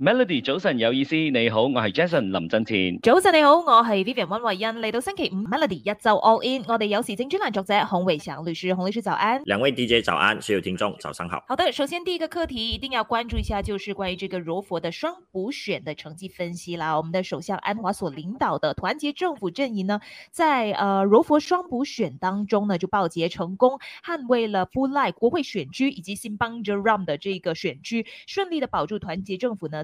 Melody，早晨有意思，你好，我係 Jason 林振前。早晨你好，我係 Vivian 溫慧恩。嚟到星期五，Melody 一晝 all in，我哋有時政專欄作者洪偉祥律師，洪律師早安。兩位 DJ 早安，所有聽眾早上好。好的，首先第一個課題一定要關注一下，就是關於這個柔佛的雙補選的成績分析啦。我們的首相安華所領導的團結政府陣營呢，在呃柔佛雙補選當中呢就爆捷成功，捍衛了 Full i 布 e 國會選區以及新邦 Jeram 的這個選區，順利的保住團結政府呢。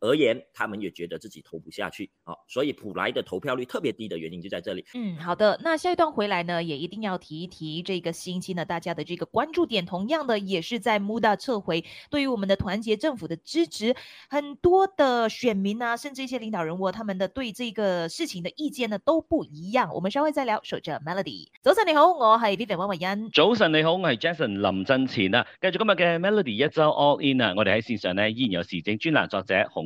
而言，他們也覺得自己投不下去，好、啊，所以普萊的投票率特別低的原因就在這裏。嗯，好的，那下一段回來呢，也一定要提一提這個星期呢，大家的這個關注點，同樣的也是在 MUDA 撤回，對於我們的團結政府的支持，很多的選民啊，甚至一些領導人物、啊，他們的對這個事情的意見呢都不一樣。我們稍微再聊。守著 Melody，早晨你好，我係 a n y a n 早晨你好，我是，是 Jason 林振前啊。繼續今日嘅 Melody 一周 All In 啊，我哋喺綫上呢，依然有時政專欄作者